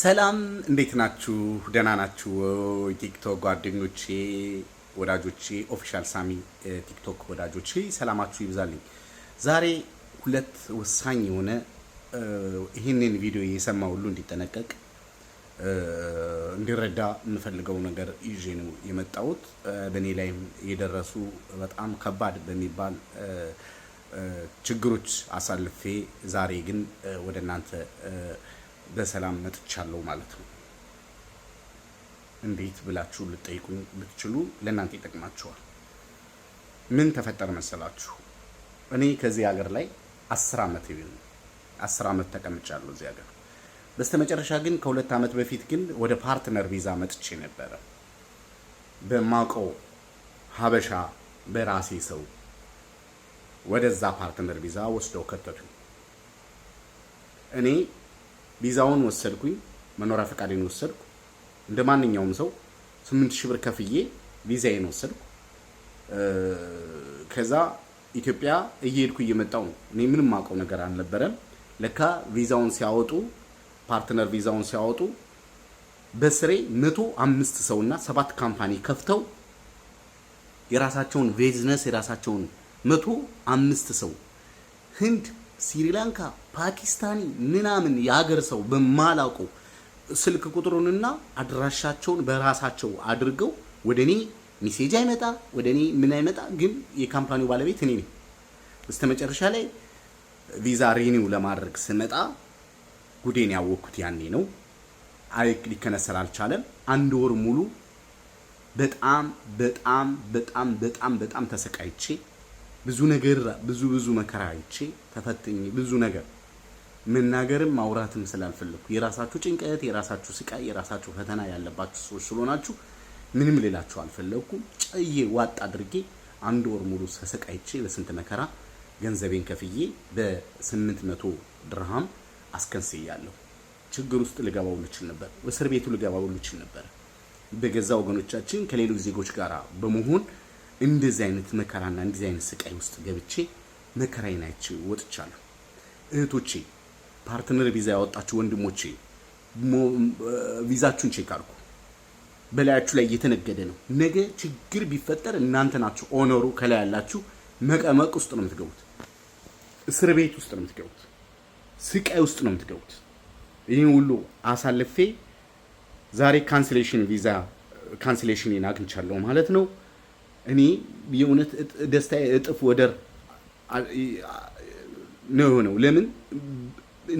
ሰላም እንዴት ናችሁ? ደህና ናችሁ? ቲክቶክ ጓደኞቼ፣ ወዳጆቼ፣ ኦፊሻል ሳሚ ቲክቶክ ወዳጆቼ ሰላማችሁ ይብዛልኝ። ዛሬ ሁለት ወሳኝ የሆነ ይህንን ቪዲዮ የሰማ ሁሉ እንዲጠነቀቅ እንዲረዳ የምፈልገው ነገር ይዤ ነው የመጣሁት። በእኔ ላይም የደረሱ በጣም ከባድ በሚባል ችግሮች አሳልፌ ዛሬ ግን ወደ እናንተ በሰላም መጥቻለሁ ማለት ነው። እንዴት ብላችሁ ልጠይቁኝ ብትችሉ ለእናንተ ይጠቅማችኋል። ምን ተፈጠረ መሰላችሁ? እኔ ከዚህ ሀገር ላይ አስር ዓመት ይብል አስር ዓመት ተቀምጫለሁ እዚህ ሀገር። በስተመጨረሻ ግን ከሁለት ዓመት በፊት ግን ወደ ፓርትነር ቪዛ መጥቼ ነበረ በማውቀው ሀበሻ በራሴ ሰው ወደዛ ፓርትነር ቪዛ ወስደው ከተቱ እኔ ቪዛውን ወሰድኩኝ፣ መኖሪያ ፈቃዴን ወሰድኩ። እንደ ማንኛውም ሰው ስምንት ሺህ ብር ከፍዬ ቪዛዬን ወሰድኩ። ከዛ ኢትዮጵያ እየሄድኩ እየመጣው ነው። እኔ ምንም ማውቀው ነገር አልነበረም። ለካ ቪዛውን ሲያወጡ ፓርትነር ቪዛውን ሲያወጡ በስሬ መቶ አምስት ሰውና ሰባት ካምፓኒ ከፍተው የራሳቸውን ቢዝነስ የራሳቸውን መቶ አምስት ሰው ህንድ ስሪላንካ ፓኪስታኒ ምናምን የሀገር ሰው በማላውቀው ስልክ ቁጥሩንና አድራሻቸውን በራሳቸው አድርገው ወደ እኔ ሜሴጅ አይመጣ ወደ እኔ ምን አይመጣ፣ ግን የካምፓኒው ባለቤት እኔ ነኝ። በስተ መጨረሻ ላይ ቪዛ ሪኒው ለማድረግ ስመጣ ጉዴን ያወቅኩት ያኔ ነው። አይ ሊከነሰል አልቻለም። አንድ ወር ሙሉ በጣም በጣም በጣም በጣም በጣም ተሰቃይቼ ብዙ ነገር ብዙ ብዙ መከራ አይቼ ተፈትኜ ብዙ ነገር መናገርም ማውራትም ስላልፈለኩ የራሳችሁ ጭንቀት፣ የራሳችሁ ስቃይ፣ የራሳችሁ ፈተና ያለባችሁ ሰዎች ስለሆናችሁ ምንም ሌላችሁ አልፈለኩም። ጨዬ ዋጥ አድርጌ አንድ ወር ሙሉ ተሰቃይቼ በስንት መከራ ገንዘቤን ከፍዬ በስምንት መቶ ድርሃም አስከንስያለሁ። ችግር ውስጥ ልገባው ልችል ነበር። እስር ቤቱ ልገባው ልችል ነበር። በገዛ ወገኖቻችን ከሌሎች ዜጎች ጋር በመሆን እንደዚህ አይነት መከራና እንደዚህ አይነት ስቃይ ውስጥ ገብቼ መከራዬን አይቼ ወጥቻለሁ። እህቶቼ፣ ፓርትነር ቪዛ ያወጣችሁ ወንድሞቼ፣ ቪዛችሁን ቼክ አድርጉ። በላያችሁ ላይ እየተነገደ ነው። ነገ ችግር ቢፈጠር እናንተ ናችሁ ኦነሩ። ከላይ ያላችሁ መቀመቅ ውስጥ ነው የምትገቡት። እስር ቤት ውስጥ ነው የምትገቡት። ስቃይ ውስጥ ነው የምትገቡት። ይህን ሁሉ አሳልፌ ዛሬ ካንስሌሽን ቪዛ ካንስሌሽን አግኝቻለሁ ማለት ነው። እኔ የእውነት ደስታ እጥፍ ወደር ነው የሆነው። ለምን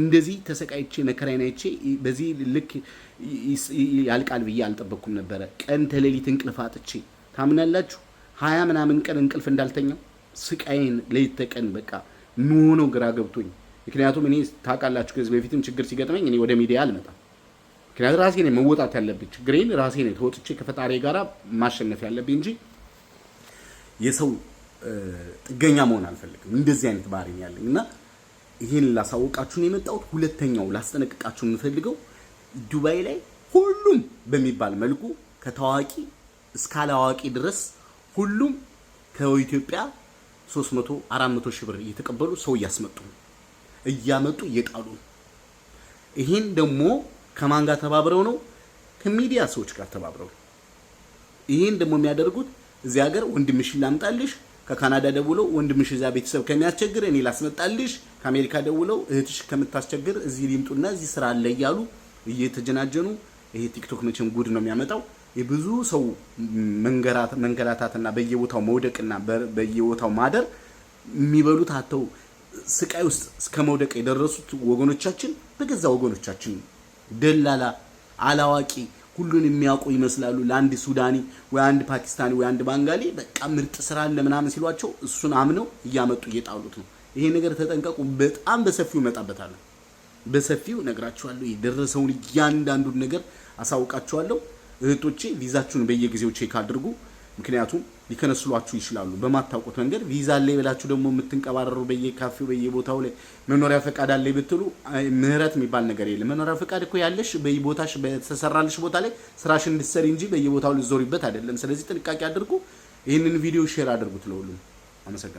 እንደዚህ ተሰቃይቼ መከራዬን አይቼ በዚህ ልክ ያልቃል ብዬ አልጠበቅኩም ነበረ። ቀን ተሌሊት እንቅልፍ አጥቼ ታምናላችሁ፣ ሀያ ምናምን ቀን እንቅልፍ እንዳልተኛው ስቃይን ሌት ተቀን በቃ ምሆነው ግራ ገብቶኝ። ምክንያቱም እኔ ታውቃላችሁ ከዚህ በፊትም ችግር ሲገጥመኝ እኔ ወደ ሚዲያ አልመጣም። ምክንያቱም ራሴ ነኝ መወጣት ያለብኝ ችግሬን ራሴ ነኝ ተወጥቼ ከፈጣሪ ጋር ማሸነፍ ያለብኝ እንጂ የሰው ጥገኛ መሆን አልፈልግም። እንደዚህ አይነት ባህሪ ያለኝ እና ይሄን ላሳወቃችሁን የመጣሁት ሁለተኛው ላስጠነቅቃችሁ የምፈልገው ዱባይ ላይ ሁሉም በሚባል መልኩ ከታዋቂ እስከ አላዋቂ ድረስ ሁሉም ከኢትዮጵያ 300 400 ሺህ ብር እየተቀበሉ ሰው እያስመጡ ነው እያመጡ እየጣሉ ነው። ይሄን ደግሞ ከማን ጋር ተባብረው ነው? ከሚዲያ ሰዎች ጋር ተባብረው ነው ይሄን ደግሞ የሚያደርጉት እዚህ ሀገር ወንድምሽ ላምጣልሽ፣ ከካናዳ ደውለው ወንድምሽ እዛ ቤተሰብ ከሚያስቸግር እኔ ላስመጣልሽ፣ ከአሜሪካ ደውለው እህትሽ ከምታስቸግር እዚህ ሊምጡና እዚህ ስራ አለ እያሉ እየተጀናጀኑ ይሄ ቲክቶክ መቼም ጉድ ነው የሚያመጣው። የብዙ ሰው መንገላታትና በየቦታው መውደቅና በየቦታው ማደር የሚበሉት አተው ስቃይ ውስጥ እስከ መውደቅ የደረሱት ወገኖቻችን በገዛ ወገኖቻችን ደላላ አላዋቂ ሁሉን የሚያውቁ ይመስላሉ። ለአንድ ሱዳኒ ወይ አንድ ፓኪስታኒ ወይ አንድ ባንጋሊ በቃ ምርጥ ስራ አለ ምናምን ሲሏቸው እሱን አምነው እያመጡ እየጣሉት ነው። ይሄ ነገር ተጠንቀቁ። በጣም በሰፊው እመጣበታለሁ። በሰፊው እነግራችኋለሁ። የደረሰውን እያንዳንዱን ነገር አሳውቃችኋለሁ። እህቶቼ ቪዛችሁን በየጊዜው ቼክ አድርጉ። ምክንያቱም ሊከነስሏችሁ ይችላሉ በማታውቁት መንገድ። ቪዛ ላይ ብላችሁ ደግሞ የምትንቀባረሩ በየካፌው በየቦታው ላይ መኖሪያ ፈቃድ አለ ብትሉ ምህረት የሚባል ነገር የለም። መኖሪያ ፈቃድ እኮ ያለሽ በየቦታሽ በተሰራልሽ ቦታ ላይ ስራሽ እንድትሰሪ እንጂ በየቦታው ልትዞሪበት አይደለም። ስለዚህ ጥንቃቄ አድርጉ። ይህንን ቪዲዮ ሼር አድርጉት ለሁሉም። አመሰግናለሁ።